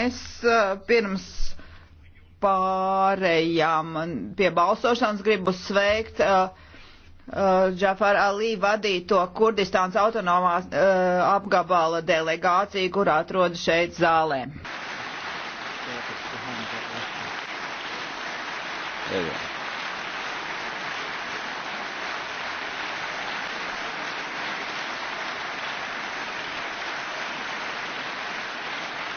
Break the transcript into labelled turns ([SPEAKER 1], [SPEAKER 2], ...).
[SPEAKER 1] mēs eh, pirms pārējām pie balsošanas gribu sveikt uh, Džafar Alī vadīto Kurdistāns autonomās uh, apgabala delegāciju, kurā atrodas šeit zālē.
[SPEAKER 2] Yeah, yeah.